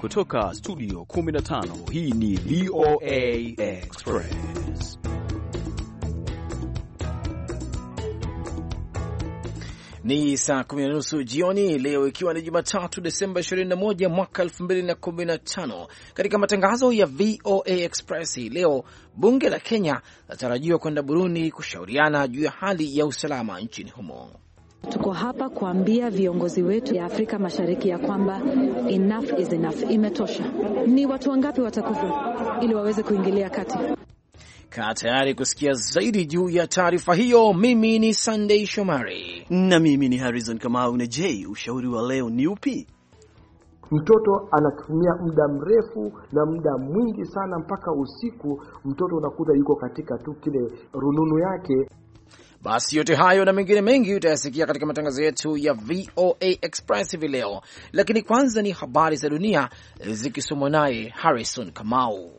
Kutoka studio 15 hii ni VOA Express. Ni saa kumi na nusu jioni leo, ikiwa ni Jumatatu Desemba 21 mwaka 2015. Katika matangazo ya VOA Express hii leo, bunge la Kenya linatarajiwa kwenda Burundi kushauriana juu ya hali ya usalama nchini humo. Tuko hapa kuambia viongozi wetu ya Afrika Mashariki ya kwamba enough is enough, imetosha. Ni watu wangapi watakufa ili waweze kuingilia kati? Kaa tayari kusikia zaidi juu ya taarifa hiyo. Mimi ni Sunday Shomari na mimi ni Harrison Kamau. Na je, ushauri wa leo ni upi? Mtoto anatumia muda mrefu na muda mwingi sana, mpaka usiku mtoto unakuta yuko katika tu kile rununu yake. Basi yote hayo na mengine mengi utayasikia katika matangazo yetu ya VOA Express hivi leo, lakini kwanza ni habari za dunia eh, zikisomwa naye Harrison Kamau.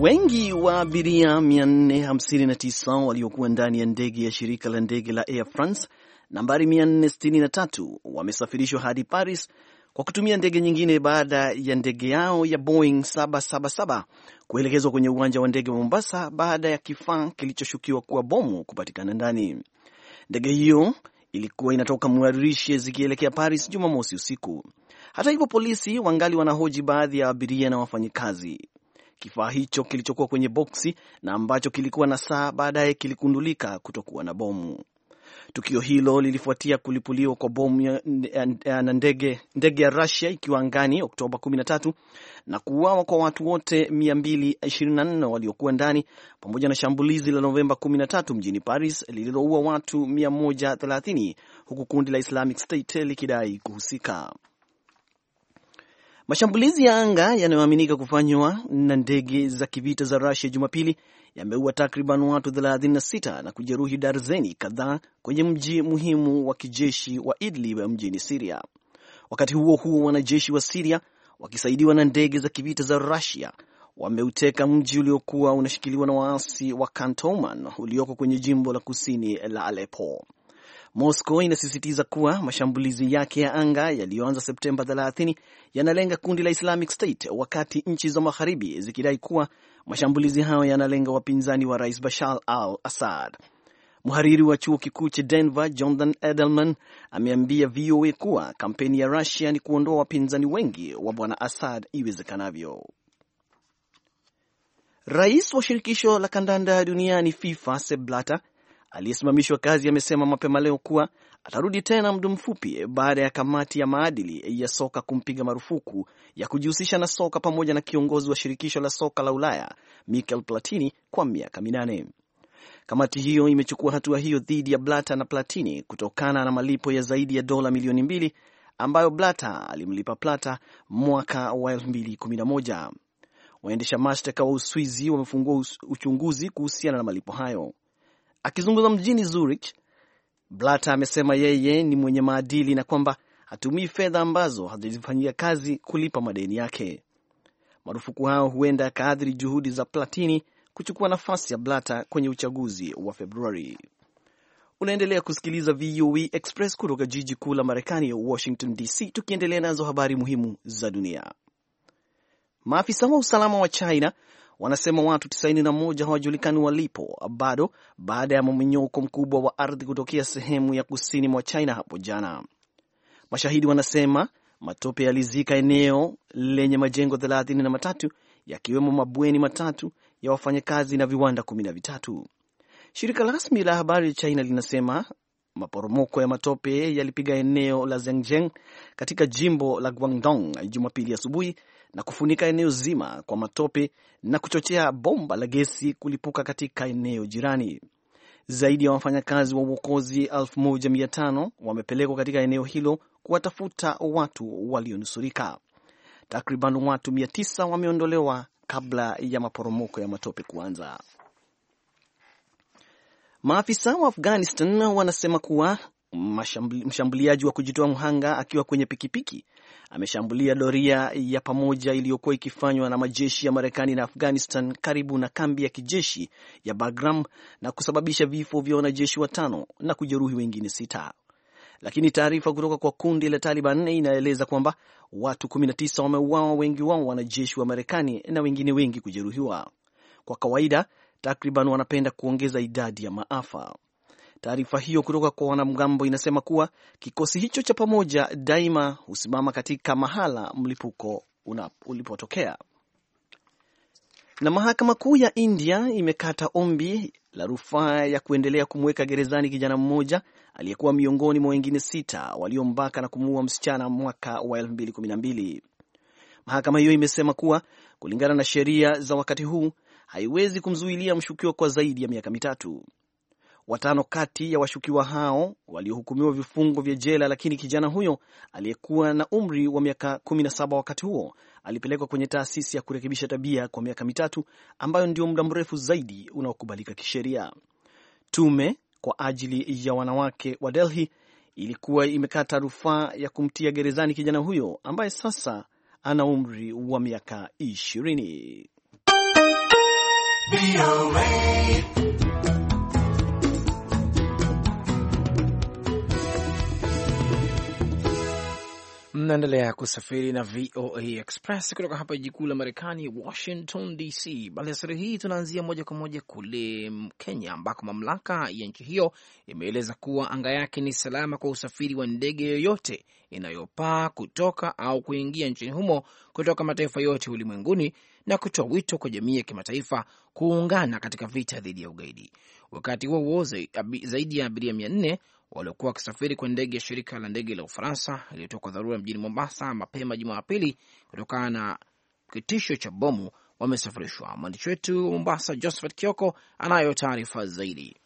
Wengi wa abiria 459 waliokuwa ndani ya ndege ya shirika la ndege la Air France nambari 463 wamesafirishwa hadi Paris kwa kutumia ndege nyingine baada ya ndege yao ya Boeing 777 kuelekezwa kwenye uwanja wa ndege wa Mombasa baada ya kifaa kilichoshukiwa kuwa bomu kupatikana ndani. Ndege hiyo ilikuwa inatoka Mwarishe zikielekea Paris Jumamosi usiku. Hata hivyo, polisi wangali wanahoji baadhi ya abiria na wafanyikazi. Kifaa hicho kilichokuwa kwenye boksi na ambacho kilikuwa na saa, baadaye kiligundulika kutokuwa na bomu. Tukio hilo lilifuatia kulipuliwa kwa bomu na ndege ndege ya Russia ikiwa angani Oktoba 13 na kuuawa kwa watu wote 224 waliokuwa ndani pamoja na shambulizi la Novemba 13 mjini Paris lililoua watu 130 huku kundi la Islamic State likidai kuhusika. Mashambulizi ya anga yanayoaminika kufanywa na ndege za kivita za Rusia Jumapili yameua takriban watu 36 na kujeruhi darzeni kadhaa kwenye mji muhimu wa kijeshi wa Idlib mjini Siria. Wakati huo huo, wanajeshi wa Siria wakisaidiwa na ndege za kivita za Rusia wameuteka mji uliokuwa unashikiliwa na waasi wa Kantoman ulioko kwenye jimbo la kusini la Alepo. Moscow inasisitiza kuwa mashambulizi yake ya anga yaliyoanza Septemba 30 yanalenga kundi la Islamic State, wakati nchi za magharibi zikidai kuwa mashambulizi hayo yanalenga wapinzani wa rais Bashar al Assad. Mhariri wa chuo kikuu cha Denver, Jonathan Edelman, ameambia VOA kuwa kampeni ya Rusia ni kuondoa wapinzani wengi wa bwana Assad iwezekanavyo. Rais wa shirikisho la kandanda duniani FIFA Sepp Blatter aliyesimamishwa kazi amesema mapema leo kuwa atarudi tena muda mfupi baada ya kamati ya maadili ya soka kumpiga marufuku ya kujihusisha na soka pamoja na kiongozi wa shirikisho la soka la Ulaya Michel Platini kwa miaka minane. Kamati hiyo imechukua hatua hiyo dhidi ya Blata na Platini kutokana na malipo ya zaidi ya dola milioni mbili ambayo Blata alimlipa Plata mwaka wa 2011. Waendesha mashtaka wa Uswizi wamefungua uchunguzi kuhusiana na malipo hayo. Akizungumza mjini Zurich, Blatter amesema yeye ni mwenye maadili na kwamba hatumii fedha ambazo hazijafanyia kazi kulipa madeni yake. Marufuku hayo huenda yakaathiri juhudi za Platini kuchukua nafasi ya Blatter kwenye uchaguzi wa Februari. Unaendelea kusikiliza VOA e Express kutoka jiji kuu la Marekani ya Washington DC, tukiendelea nazo habari muhimu za dunia. Maafisa wa usalama wa China wanasema watu 91 hawajulikani walipo bado baada ya mmomonyoko mkubwa wa ardhi kutokea sehemu ya kusini mwa China hapo jana. Mashahidi wanasema matope yalizika eneo lenye majengo 33 yakiwemo mabweni matatu ya wafanyakazi na viwanda kumi na vitatu. Shirika rasmi la habari China linasema maporomoko ya matope yalipiga eneo la Zhengzheng katika jimbo la Guangdong Jumapili asubuhi na kufunika eneo zima kwa matope na kuchochea bomba la gesi kulipuka katika eneo jirani. Zaidi ya wafanyakazi wa uokozi 1500 wamepelekwa katika eneo hilo kuwatafuta watu walionusurika. Takriban watu 900 wameondolewa kabla ya maporomoko ya matope kuanza. Maafisa wa Afghanistan wanasema kuwa mshambuliaji wa kujitoa mhanga akiwa kwenye pikipiki ameshambulia doria ya pamoja iliyokuwa ikifanywa na majeshi ya Marekani na Afghanistan karibu na kambi ya kijeshi ya Bagram na kusababisha vifo vya wanajeshi watano na kujeruhi wengine sita. Lakini taarifa kutoka kwa kundi la Taliban inaeleza kwamba watu 19 wameuawa, wengi wao wanajeshi wa Marekani na wengine wengi kujeruhiwa. Kwa kawaida takriban wanapenda kuongeza idadi ya maafa. Taarifa hiyo kutoka kwa wanamgambo inasema kuwa kikosi hicho cha pamoja daima husimama katika mahala mlipuko ulipotokea. Na mahakama kuu ya India imekata ombi la rufaa ya kuendelea kumweka gerezani kijana mmoja aliyekuwa miongoni mwa wengine sita waliombaka na kumuua msichana mwaka wa 2012. Mahakama hiyo imesema kuwa kulingana na sheria za wakati huu haiwezi kumzuilia mshukiwa kwa zaidi ya miaka mitatu. Watano kati ya washukiwa hao waliohukumiwa vifungo vya jela, lakini kijana huyo aliyekuwa na umri wa miaka 17 wakati huo alipelekwa kwenye taasisi ya kurekebisha tabia kwa miaka mitatu, ambayo ndio muda mrefu zaidi unaokubalika kisheria. Tume kwa ajili ya wanawake wa Delhi ilikuwa imekata rufaa ya kumtia gerezani kijana huyo ambaye sasa ana umri wa miaka ishirini. Mnaendelea kusafiri na VOA Express kutoka hapa jiji kuu la Marekani, Washington DC. Balasari hii tunaanzia moja kwa moja kule Kenya, ambako mamlaka ya nchi hiyo imeeleza kuwa anga yake ni salama kwa usafiri wa ndege yoyote inayopaa kutoka au kuingia nchini humo kutoka mataifa yote ulimwenguni na kutoa wito kwa jamii ya kimataifa kuungana katika vita dhidi ya ugaidi. Wakati huo huo, zaidi ya abiria mia nne waliokuwa wakisafiri kwenye ndege ya shirika la ndege la Ufaransa iliyotoka kwa dharura mjini Mombasa mapema Jumapili kutokana na kitisho cha bomu wamesafirishwa. Mwandishi wetu wa Mombasa, Josephat Kioko, anayo taarifa zaidi.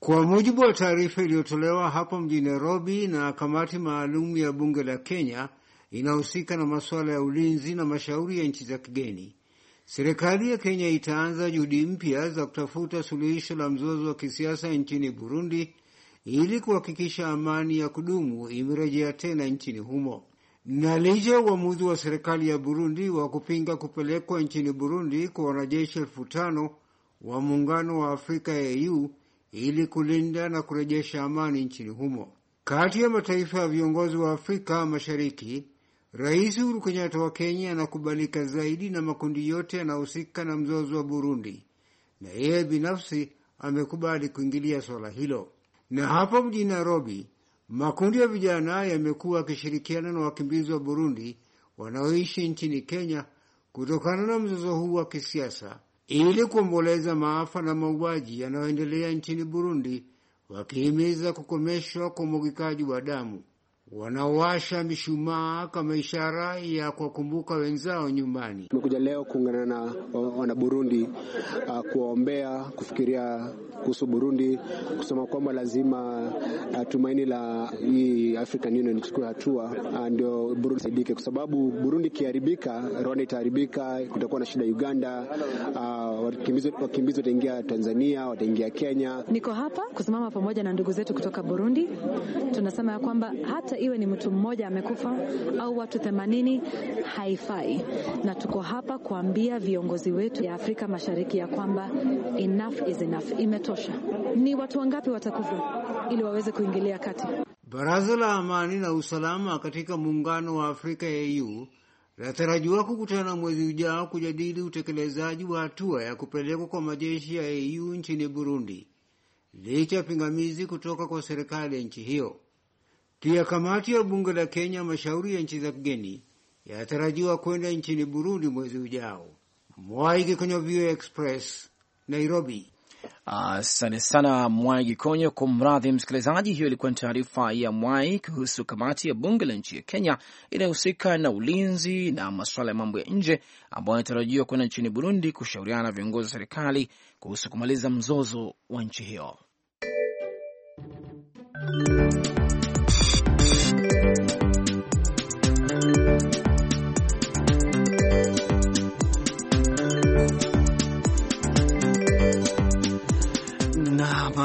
Kwa mujibu wa taarifa iliyotolewa hapo mjini Nairobi na kamati maalum ya bunge la Kenya inahusika na masuala ya ulinzi na mashauri ya nchi za kigeni, serikali ya Kenya itaanza juhudi mpya za kutafuta suluhisho la mzozo wa kisiasa nchini Burundi ili kuhakikisha amani ya kudumu imerejea tena nchini humo. Na licha ya uamuzi wa serikali ya Burundi wa kupinga kupelekwa nchini Burundi kwa wanajeshi elfu tano wa muungano wa Afrika ya AU e ili kulinda na kurejesha amani nchini humo kati ya mataifa ya viongozi wa Afrika Mashariki, Rais Uhuru Kenyatta wa Kenya anakubalika zaidi na makundi yote yanahusika na mzozo wa Burundi, na yeye binafsi amekubali kuingilia suala hilo. Na hapo mjini Nairobi, makundi ya vijana yamekuwa yakishirikiana na wakimbizi wa Burundi wanaoishi nchini Kenya kutokana na mzozo huu wa kisiasa ili kuomboleza maafa na mauaji yanayoendelea nchini Burundi, wakihimiza kukomeshwa kwa umwagikaji wa damu wanaowasha mishumaa kama ishara ya kuwakumbuka wenzao nyumbani. Tumekuja leo kuungana na wanaburundi uh, kuwaombea, kufikiria kuhusu Burundi, kusema kwamba lazima uh, tumaini la hii African Union ichukue hatua uh, ndio Burundi saidike, kwa sababu Burundi ikiharibika, Rwanda itaharibika, kutakuwa na shida Uganda, uh, wakimbizi wataingia Tanzania, wataingia Kenya. Niko hapa kusimama pamoja na ndugu zetu kutoka Burundi, tunasema ya kwamba hata iwe ni mtu mmoja amekufa au watu themanini, haifai. Na tuko hapa kuambia viongozi wetu ya Afrika Mashariki ya kwamba enough is enough, imetosha. Ni watu wangapi watakufa ili waweze kuingilia kati? Baraza la Amani na Usalama katika Muungano wa Afrika AU e linatarajiwa kukutana mwezi ujao kujadili utekelezaji wa hatua ya kupelekwa kwa majeshi ya AU e nchini Burundi licha ya pingamizi kutoka kwa serikali ya nchi hiyo. Pia kamati ya bunge la Kenya mashauri ya nchi za kigeni yanatarajiwa kwenda nchini Burundi mwezi ujao. mwai kwenye VOA Express, Nairobi. Asante uh, sana Mwai Gikonyo. Kumradhi msikilizaji, hiyo ilikuwa ni taarifa ya Mwai kuhusu kamati ya bunge la nchi ya Kenya inayohusika na ulinzi na masuala ya mambo ya nje ambayo inatarajiwa kwenda nchini Burundi kushauriana na viongozi wa serikali kuhusu kumaliza mzozo wa nchi hiyo.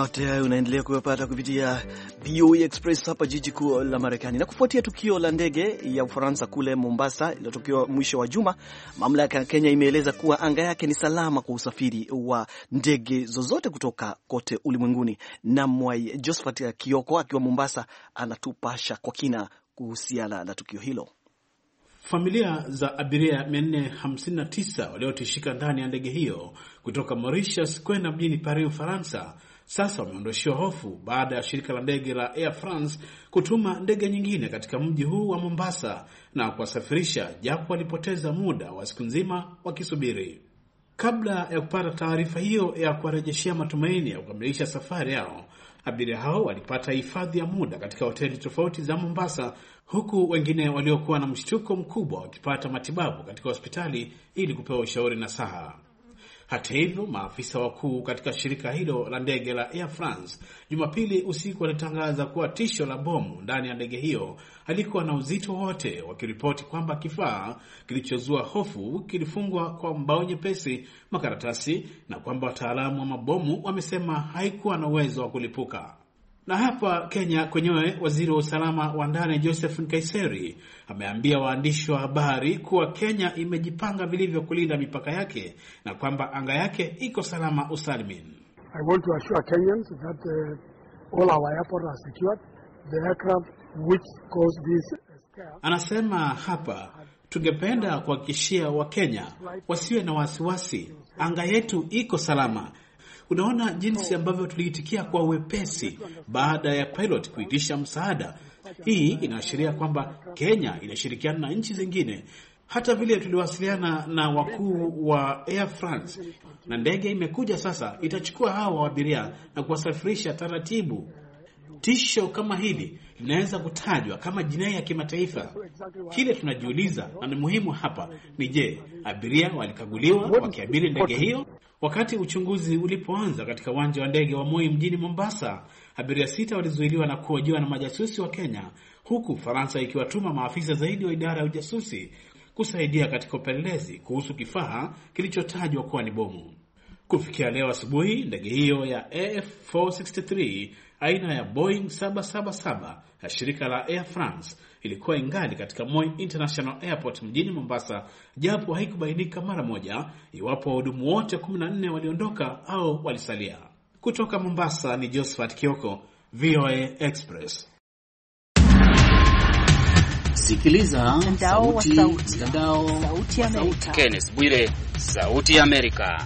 yote hayo unaendelea kuyapata kupitia VOA e Express hapa jiji kuu la Marekani. Na kufuatia tukio la ndege ya Ufaransa kule Mombasa iliyotokiwa mwisho wa juma, mamlaka ya Kenya imeeleza kuwa anga yake ni salama kwa usafiri wa ndege zozote kutoka kote ulimwenguni. Na mwai Josephat Kioko akiwa Mombasa anatupasha kwa kina kuhusiana na tukio hilo. Familia za abiria 459 waliotishika ndani ya ndege hiyo kutoka Mauritius kwenda mjini Paris, Ufaransa sasa wameondoshiwa hofu baada ya shirika la ndege la Air France kutuma ndege nyingine katika mji huu wa Mombasa na kuwasafirisha, japo walipoteza muda wa siku nzima wakisubiri. Kabla ya kupata taarifa hiyo ya kuwarejeshea matumaini ya kukamilisha safari yao, abiria hao walipata hifadhi ya muda katika hoteli tofauti za Mombasa, huku wengine waliokuwa na mshtuko mkubwa wakipata matibabu katika hospitali ili kupewa ushauri na saha hata hivyo, maafisa wakuu katika shirika hilo la ndege la Air France Jumapili usiku walitangaza kuwa tisho la bomu ndani ya ndege hiyo halikuwa na uzito wote wakiripoti kwamba kifaa kilichozua hofu kilifungwa kwa mbao nyepesi, makaratasi, na kwamba wataalamu wa mabomu wamesema haikuwa na uwezo wa kulipuka. Na hapa Kenya kwenyewe, waziri wa usalama wa ndani Joseph Nkaiseri ameambia waandishi wa habari kuwa Kenya imejipanga vilivyo kulinda mipaka yake na kwamba anga yake iko salama usalimin I want to assure Kenyans that the, uh, all our airports are secured. The aircraft which caused this Anasema hapa tungependa kuhakikishia Wakenya wasiwe na wasiwasi, anga yetu iko salama Unaona jinsi oh. ambavyo tuliitikia kwa wepesi baada ya pilot kuitisha msaada. Hii inaashiria kwamba Kenya inashirikiana na nchi zingine. Hata vile tuliwasiliana na wakuu wa Air France na ndege imekuja sasa, itachukua hawa abiria na kuwasafirisha taratibu. Tisho kama hili linaweza kutajwa kama jinai ya kimataifa. Kile tunajiuliza na ni muhimu hapa ni je, abiria walikaguliwa wakiabiri ndege hiyo? Wakati uchunguzi ulipoanza katika uwanja wa ndege wa Moi mjini Mombasa, abiria sita walizuiliwa na kuhojiwa na majasusi wa Kenya, huku Faransa ikiwatuma maafisa zaidi wa idara ya ujasusi kusaidia katika upelelezi kuhusu kifaa kilichotajwa kuwa ni bomu. Kufikia leo asubuhi, ndege hiyo ya AF463 aina ya Boeing 777 ya shirika la Air France ilikuwa ingali katika Moi International Airport mjini Mombasa, japo haikubainika mara moja iwapo wahudumu wote 14 waliondoka au walisalia. Kutoka Mombasa ni Josephat Kioko, VOA Express. Sikiliza mtandao wa sauti, sauti ya Amerika. Kenneth Bwire, sauti ya Amerika.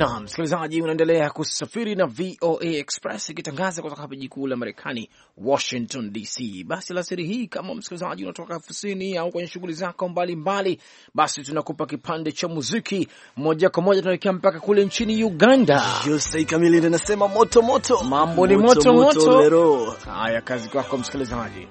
na msikilizaji, unaendelea kusafiri na VOA Express ikitangaza kutoka hapa jiji kuu la Marekani, Washington DC. Basi alasiri hii, kama msikilizaji unatoka ofisini au kwenye shughuli zako mbalimbali basi tunakupa kipande cha muziki moja kwa moja. Tunaelekea mpaka kule nchini Uganda. Jose Kamili anasema moto moto, mambo ni moto moto. Haya, kazi kwako msikilizaji.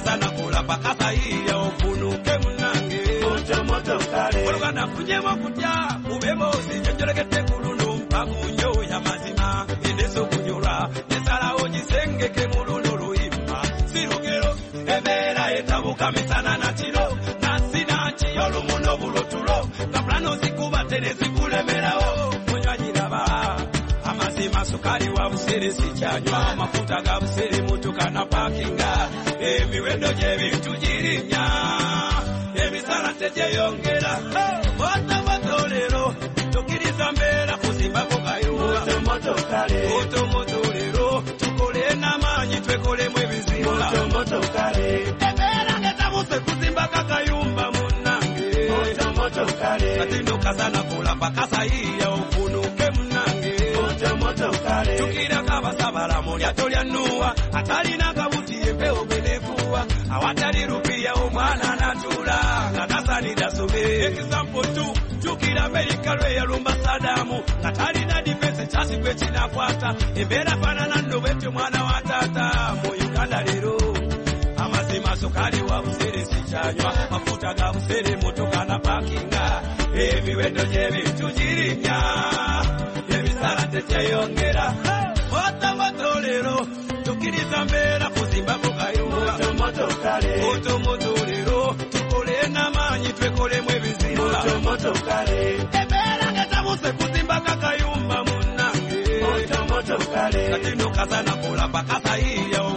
kasa na kula pakasa iya ofunuke munange oluga nafunyemu okutya ubemu osinjonjolekete kulu numpamunyo ya mazima edeso kunyola nesalawo gisengeke mu luno luyimba sirugero ebeera etabuka misana na kiro nasinaki olumuno bulutulo kapulano zikuba tene zikulemerawo munywanyiraba amazima sukali wa busere sikyanywa amafuta ga busere mutukana pakinga emiwendo gy'ebintu girinnya emisala tegyeyongera watamato leero tokkiriza mbeera kuzimbako kayuwaotomoto tukole n'amaanyi twekolemu ebiziba ebeera ngetamuse kuzimbako akayumba munange kati kasana kulamba kasayiya ofunuke munange tukirako abasabala lya nuwa atalina kabu kuwa awatalirupiya omwana anatula nga tasanira sobe ekisampo tu jukira amerika lwe yalumba sadamu nga talina difensi ekyasi gwe kinakwata embeera faanana nno bwetyo mwana wa taata mu uganda leero amazima sukali wa busere sikyanywa mafuta ga busere motoka na pakinga emiwendo gy'ebintu girinnya ebisala tekyeyongera motomoto leero etambera kuzimba mukayumba moto moto lero tukole ng'amaanyi twekolemu ebiziba embeera ngetabuse katino kakayumba na kati nokasanakola pakasayiyawo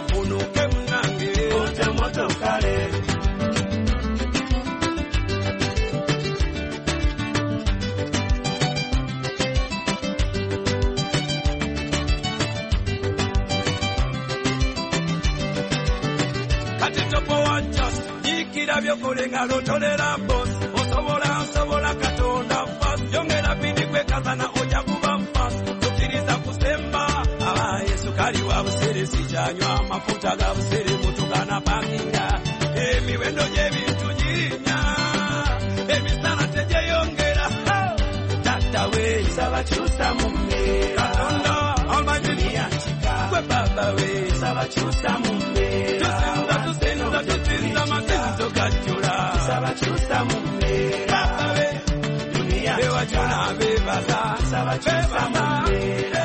byongera byokolenga lotonera bos osobola osobola katonda fas byongera bindikwe kazana oja kuba fas tukkiriza kusemba aba yesu kali wa busere sikyanywa amafuta ga busere mutugana panginga emiwendo gy'ebintu girinya emisana tegyeyongera tatawe sabakyusa mu mbeera kwe baba we tusabakyusa mu mbeera tusinza tusinza tusinza amasinzo gajjula tusabakyusa mu mbeera baba we duniya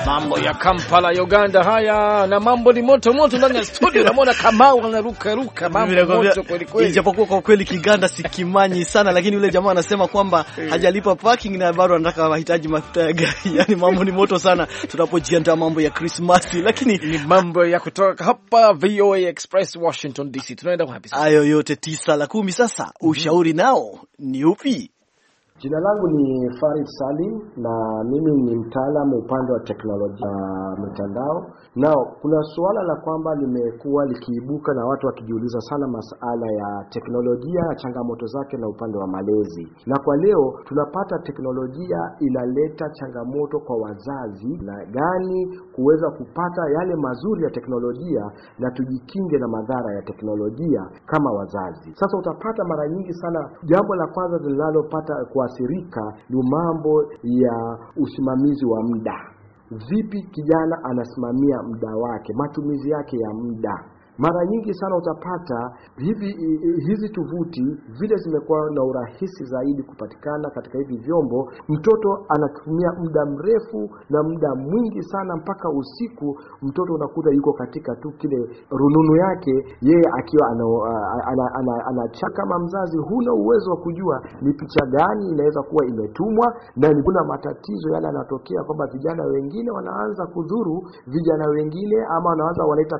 mambo ya Kampala ya Uganda haya, na mambo ni moto moto ndani ya studio. Naona Kamau anaruka ruka, mambo moto kweli kweli, ijapokuwa kwa kweli Kiganda sikimanyi sana, lakini yule jamaa anasema kwamba eh. hajalipa parking na bado anataka mahitaji mafuta ya gari. Yani mambo ni moto sana tunapojiandaa mambo ya Christmas, lakini ni mambo ya kutoka hapa VOA Express Washington DC. Tunaenda kwa sasa? Hayo yote tisa la kumi. Sasa mhm. ushauri nao ni upi? Jina langu ni Farid Salim na mimi ni mtaalamu upande wa teknolojia ya mitandao. na kuna suala la kwamba limekuwa likiibuka na watu wakijiuliza sana masala ya teknolojia na changamoto zake na upande wa malezi, na kwa leo tunapata teknolojia inaleta changamoto kwa wazazi na gani kuweza kupata yale mazuri ya teknolojia na tujikinge na madhara ya teknolojia kama wazazi. Sasa utapata mara nyingi sana, jambo la kwanza linalopata kwa kuathirika ni mambo ya usimamizi wa muda. Vipi kijana anasimamia muda wake, matumizi yake ya muda? Mara nyingi sana utapata hivi hizi tuvuti vile zimekuwa na urahisi zaidi kupatikana katika hivi vyombo, mtoto anatumia muda mrefu na muda mwingi sana mpaka usiku. Mtoto unakuta yuko katika tu kile rununu yake yeye akiwa anachaka ana, ana, ana, ana. Kama mzazi huna uwezo wa kujua ni picha gani inaweza kuwa imetumwa, na kuna matatizo yale yanatokea kwamba vijana wengine wanaanza kudhuru vijana wengine, ama wanaanza wanaita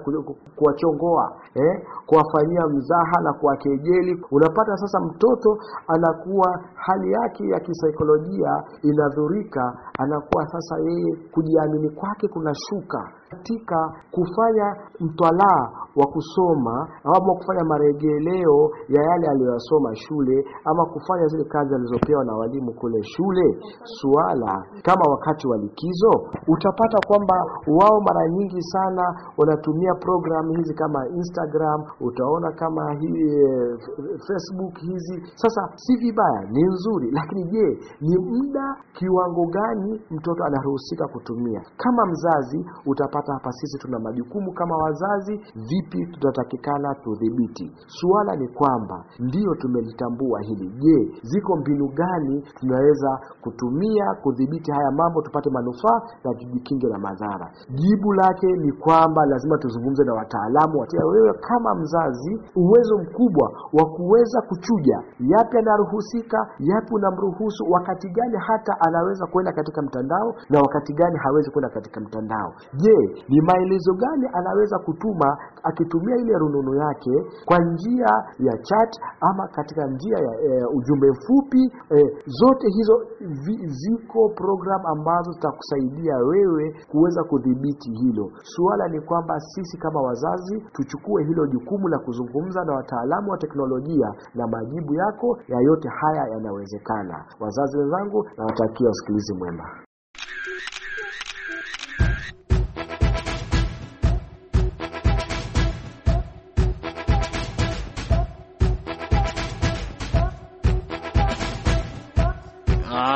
kuwachongo kumkosoa eh, kuwafanyia mzaha na kuwakejeli. Unapata sasa mtoto anakuwa hali yake ya kisaikolojia inadhurika, anakuwa sasa yeye kujiamini kwake kunashuka katika kufanya mtwalaa wa kusoma ama kufanya marejeleo ya yale aliyoyasoma shule ama kufanya zile kazi alizopewa na walimu kule shule. Suala kama wakati wa likizo, utapata kwamba wao mara nyingi sana wanatumia programu hizi kama kama Instagram, utaona kama hii eh, Facebook hizi. Sasa si vibaya, ni nzuri, lakini je, ni muda kiwango gani mtoto anaruhusika kutumia? Kama mzazi utapata hapa, sisi tuna majukumu kama wazazi, vipi tutatakikana tudhibiti. Suala ni kwamba ndiyo tumelitambua hili. Je, ziko mbinu gani tunaweza kutumia kudhibiti haya mambo tupate manufaa na tujikinge na madhara? Jibu lake ni kwamba lazima tuzungumze na wataalamu kukupatia wewe kama mzazi uwezo mkubwa wa kuweza kuchuja yapi anaruhusika, yapi unamruhusu, wakati gani hata anaweza kwenda katika mtandao na wakati gani hawezi kwenda katika mtandao. Je, ni maelezo gani anaweza kutuma akitumia ile rununu yake kwa njia ya chat ama katika njia ya e, ujumbe mfupi e, zote hizo vi, ziko program ambazo zitakusaidia wewe kuweza kudhibiti hilo. Suala ni kwamba sisi kama wazazi tuchukue hilo jukumu la kuzungumza na wataalamu wa teknolojia, na majibu yako ya yote haya yanawezekana. Wazazi wenzangu, nawatakia usikilizi mwema.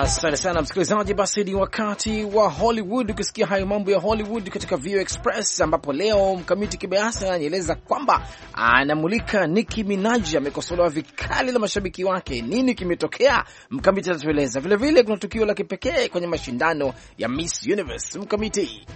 Asante sana msikilizaji, basi ni wakati wa Hollywood, ukisikia hayo mambo ya Hollywood katika VOA Express, ambapo leo mkamiti Kibayasi ananieleza kwamba anamulika Nicki Minaj amekosolewa vikali na mashabiki wake. Nini kimetokea? Mkamiti atatueleza vilevile. Kuna tukio la kipekee kwenye mashindano ya Miss Universe. Mkamiti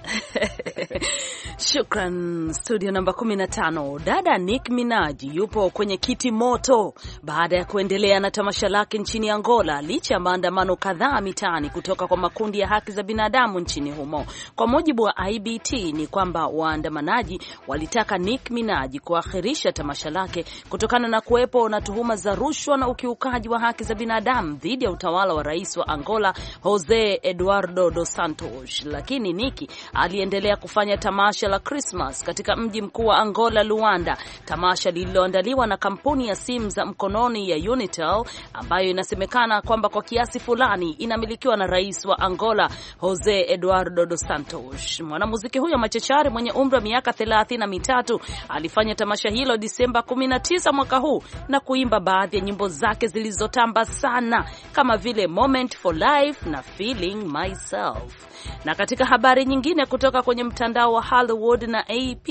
shukran. Studio namba 15, dada Nicki Minaj yupo kwenye kiti moto baada ya kuendelea na tamasha lake nchini Angola licha ya maandamano kadhaa kadhaa mitaani kutoka kwa makundi ya haki za binadamu nchini humo. Kwa mujibu wa IBT ni kwamba waandamanaji walitaka Nick Minaj kuakhirisha tamasha lake kutokana na kuwepo na tuhuma za rushwa na ukiukaji wa haki za binadamu dhidi ya utawala wa rais wa Angola Jose Eduardo dos Santos, lakini Niki aliendelea kufanya tamasha la Christmas katika mji mkuu wa Angola, Luanda, tamasha lililoandaliwa na kampuni ya simu za mkononi ya Unitel ambayo inasemekana kwamba kwa kiasi fulani Amani inamilikiwa na rais wa Angola Jose Eduardo dos Santos. Mwanamuziki huyo machachari mwenye umri wa miaka thelathini na mitatu alifanya tamasha hilo Disemba 19 mwaka huu na kuimba baadhi ya nyimbo zake zilizotamba sana kama vile Moment for Life na Feeling Myself. Na katika habari nyingine kutoka kwenye mtandao wa Hollywood na AP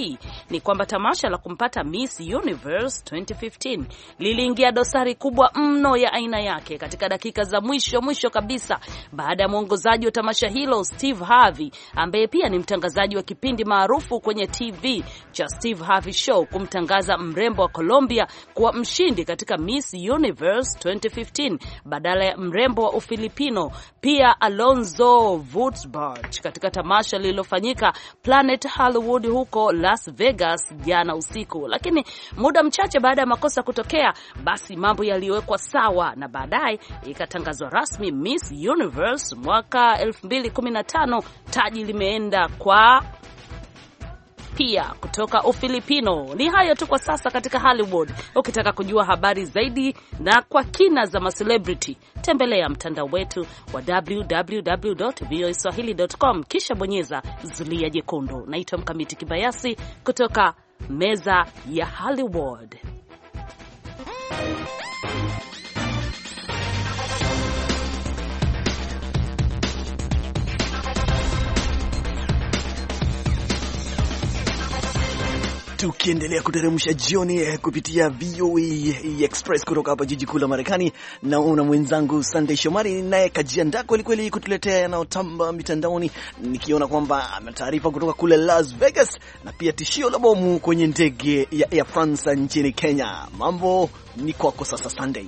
ni kwamba tamasha la kumpata Miss Universe 2015 liliingia dosari kubwa mno ya aina yake katika dakika za mwisho mwisho kabisa baada ya mwongozaji wa tamasha hilo Steve Harvey ambaye pia ni mtangazaji wa kipindi maarufu kwenye TV cha Steve Harvey Show kumtangaza mrembo wa Colombia kuwa mshindi katika Miss Universe 2015 badala ya mrembo wa Ufilipino pia Alonzo Wurtzbourg Hart katika tamasha lililofanyika Planet Hollywood huko Las Vegas jana usiku. Lakini muda mchache baada ya makosa kutokea, basi mambo yaliwekwa sawa na baadaye ikatangazwa rasmi Miss Universe mwaka 2015 taji limeenda kwa pia kutoka Ufilipino. Ni hayo tu kwa sasa katika Hollywood. Ukitaka kujua habari zaidi na kwa kina za macelebrity, tembelea mtandao wetu wa www.voaswahili.com, kisha bonyeza zulia jekundu. Naitwa Mkamiti Kibayasi kutoka meza ya Hollywood. tukiendelea kuteremsha jioni eh, kupitia VOA e Express kutoka hapa jiji kuu la Marekani. Naona mwenzangu Sunday Shomari naye kajiandaa kwelikweli kutuletea yanayotamba mitandaoni, nikiona kwamba ametaarifa kutoka kule Las Vegas na pia tishio la bomu kwenye ndege ya Air France nchini Kenya. Mambo ni kwako sasa, Sunday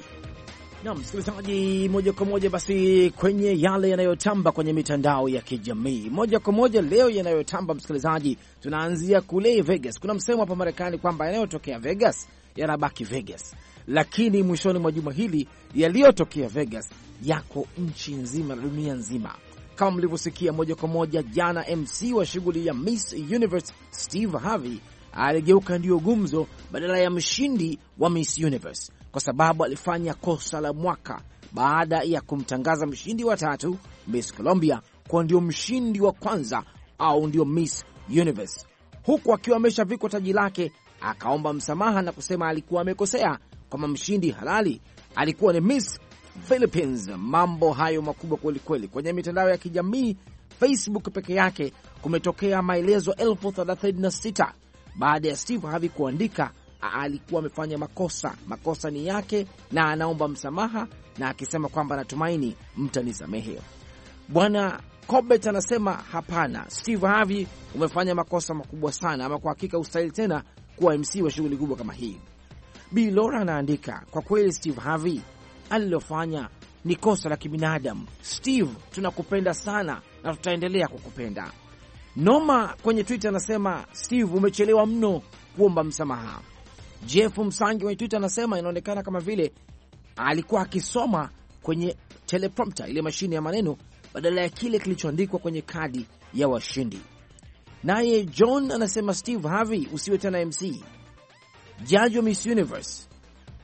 na msikilizaji, moja kwa moja basi kwenye yale yanayotamba kwenye mitandao ya kijamii moja kwa moja. Leo yanayotamba, msikilizaji, tunaanzia kule Vegas. Kuna msemo hapa Marekani kwamba yanayotokea Vegas yanabaki Vegas, lakini mwishoni mwa juma hili yaliyotokea Vegas yako nchi nzima na dunia nzima, kama mlivyosikia moja kwa moja jana. MC wa shughuli ya Miss Universe Steve Harvey aligeuka ndiyo gumzo badala ya mshindi wa Miss Universe kwa sababu alifanya kosa la mwaka baada ya kumtangaza mshindi wa tatu Miss Colombia kuwa ndio mshindi wa kwanza au ndio Miss Universe, huku akiwa ameshavikwa taji lake. Akaomba msamaha na kusema alikuwa amekosea, kwamba mshindi halali alikuwa ni Miss Philippines. Mambo hayo makubwa kwelikweli. Kwenye mitandao ya kijamii Facebook peke yake kumetokea maelezo elfu thelathini na sita baada ya Steve Harvey kuandika alikuwa amefanya makosa, makosa ni yake, na anaomba msamaha na akisema kwamba natumaini mtanisamehe. Bwana Corbett anasema hapana, Steve Harvey umefanya makosa makubwa sana, ama kwa hakika ustahili tena kuwa MC wa shughuli kubwa kama hii. Bi Laura anaandika, kwa kweli Steve Harvey alilofanya ni kosa la kibinadamu. Steve, tunakupenda sana na tutaendelea kukupenda. Noma kwenye Twitter anasema Steve, umechelewa mno kuomba msamaha. Jeff Msangi kwenye Twitter anasema inaonekana kama vile alikuwa akisoma kwenye teleprompter, ile mashine ya maneno, badala ya kile kilichoandikwa kwenye kadi ya washindi. Naye John anasema Steve Harvey usiwe tena MC. Jaji wa Miss Universe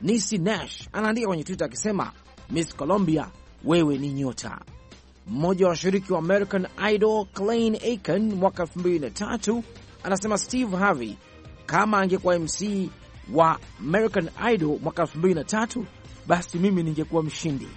Nisi Nash anaandika kwenye Twitter akisema Miss Colombia, wewe ni nyota. Mmoja wa washiriki wa American Idol Klein Aiken mwaka 2003 anasema Steve Harvey kama angekuwa MC wa American Idol mwaka 2003, basi mimi ningekuwa mshindi.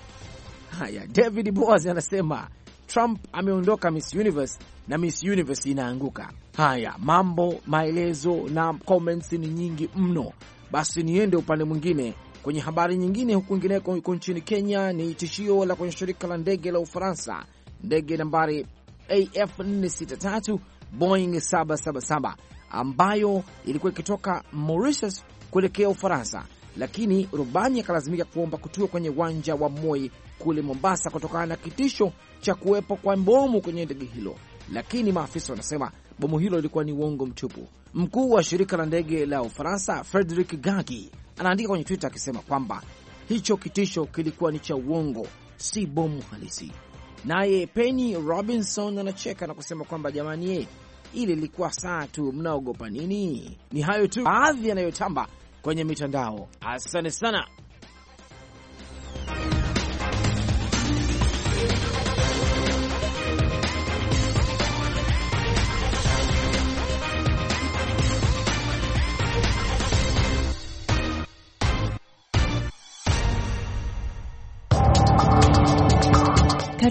Haya, David Boaz anasema Trump ameondoka Miss Universe na Miss Universe inaanguka. Haya, mambo maelezo na comments ni nyingi mno, basi niende upande mwingine. Kwenye habari nyingine, huku kwingineko, huko nchini Kenya ni tishio la kwenye shirika la ndege la Ufaransa, ndege nambari AF463 Boeing 777 ambayo ilikuwa ikitoka Mauritius kuelekea Ufaransa, lakini rubani akalazimika kuomba kutua kwenye uwanja wa Moi kule Mombasa kutokana na kitisho cha kuwepo kwa bomu kwenye ndege hilo, lakini maafisa wanasema bomu hilo lilikuwa ni uongo mtupu. Mkuu wa shirika la ndege la Ufaransa Frederick Gagi anaandika kwenye Twitter akisema kwamba hicho kitisho kilikuwa ni cha uongo, si bomu halisi. Naye Penny Robinson anacheka na kusema kwamba jamani, ye eh, ile ilikuwa saa tu, mnaogopa nini? Ni hayo tu baadhi yanayotamba kwenye mitandao. Asante sana.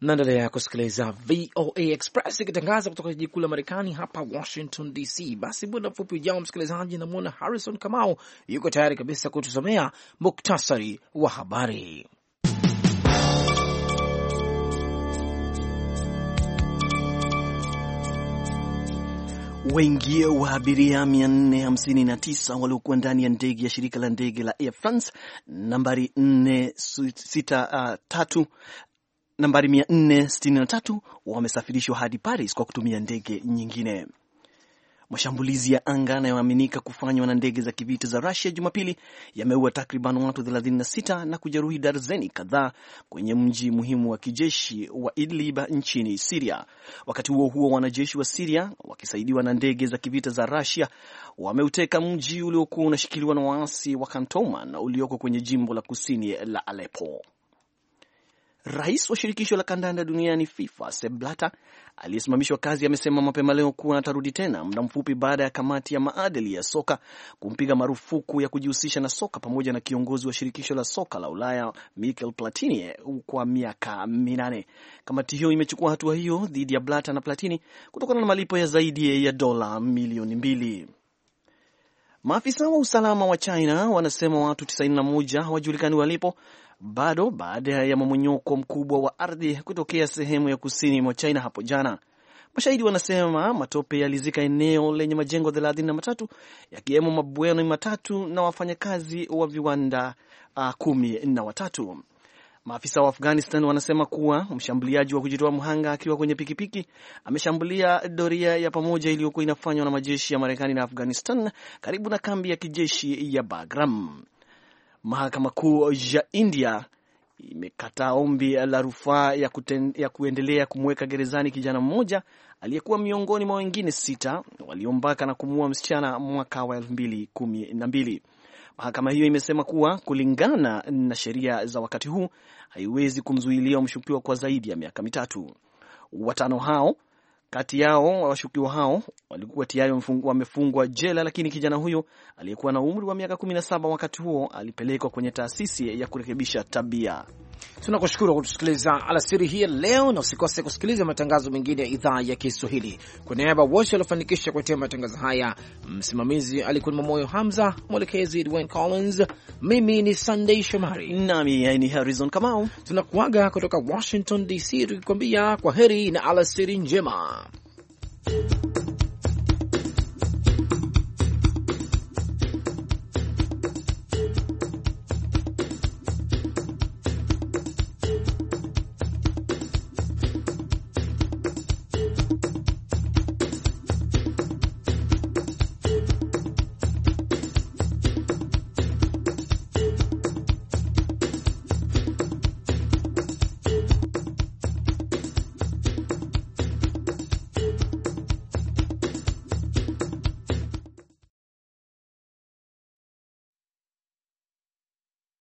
Mnaendelea kusikiliza VOA Express ikitangaza kutoka jiji kuu la Marekani hapa Washington DC. Basi muda mfupi ujao, msikilizaji, namwona Harrison Kamau yuko tayari kabisa kutusomea muktasari wa habari. Wengi wa abiria 459 waliokuwa ndani ya ndege ya shirika la ndege la Air France nambari 463 nambari 463 wamesafirishwa hadi Paris kwa kutumia ndege nyingine. Mashambulizi ya anga yanayoaminika kufanywa na ndege za kivita za Rusia Jumapili yameua takriban watu 36 na kujeruhi darzeni kadhaa kwenye mji muhimu wa kijeshi wa Idlib nchini Siria. Wakati huo huo, wanajeshi wa Siria wakisaidiwa na ndege za kivita za Rusia wameuteka mji uliokuwa unashikiliwa na waasi wa Kantoman ulioko kwenye jimbo la kusini la Alepo. Rais wa shirikisho la kandanda duniani FIFA Sepp Blatter aliyesimamishwa kazi amesema mapema leo kuwa atarudi tena muda mfupi baada ya kamati ya maadili ya soka kumpiga marufuku ya kujihusisha na soka pamoja na kiongozi wa shirikisho la soka la Ulaya Michel Platini kwa miaka minane. Kamati hiyo imechukua hatua hiyo dhidi ya Blatter na Platini kutokana na malipo ya zaidi ya dola milioni mbili. Maafisa wa usalama wa China wanasema watu 91 hawajulikani walipo bado baada ya mmomonyoko mkubwa wa ardhi kutokea sehemu ya kusini mwa China hapo jana. Mashahidi wanasema matope yalizika eneo lenye majengo thelathini na matatu yakiwemo mabweni matatu na wafanyakazi wa viwanda uh, kumi na watatu. Maafisa wa Afghanistan wanasema kuwa mshambuliaji wa kujitoa mhanga akiwa kwenye pikipiki ameshambulia doria ya pamoja iliyokuwa inafanywa na majeshi ya Marekani na Afghanistan karibu na kambi ya kijeshi ya Bagram. Mahakama Kuu ya India imekataa ombi la rufaa ya, ya kuendelea kumweka gerezani kijana mmoja aliyekuwa miongoni mwa wengine sita waliombaka na kumuua msichana mwaka wa elfu kumi na mbili Mahakama hiyo imesema kuwa kulingana na sheria za wakati huu haiwezi kumzuilia mshukiwa kwa zaidi ya miaka mitatu. Watano hao kati yao washukiwa hao walikuwa tayari wamefungwa jela, lakini kijana huyo aliyekuwa na umri wa miaka 17 wakati huo alipelekwa kwenye taasisi ya kurekebisha tabia. Tunakushukuru kwa kutusikiliza alasiri hii leo, na usikose kusikiliza matangazo mengine ya idhaa ya Kiswahili. Kwa niaba wote waliofanikisha kuletea matangazo haya, msimamizi alikuwa ni Mamoyo Hamza, mwelekezi Dwayne Collins, mimi ni Sunday Shomari nami ni Harrison Kamau. Tunakuaga kutoka Washington DC tukikwambia kwa heri na alasiri njema.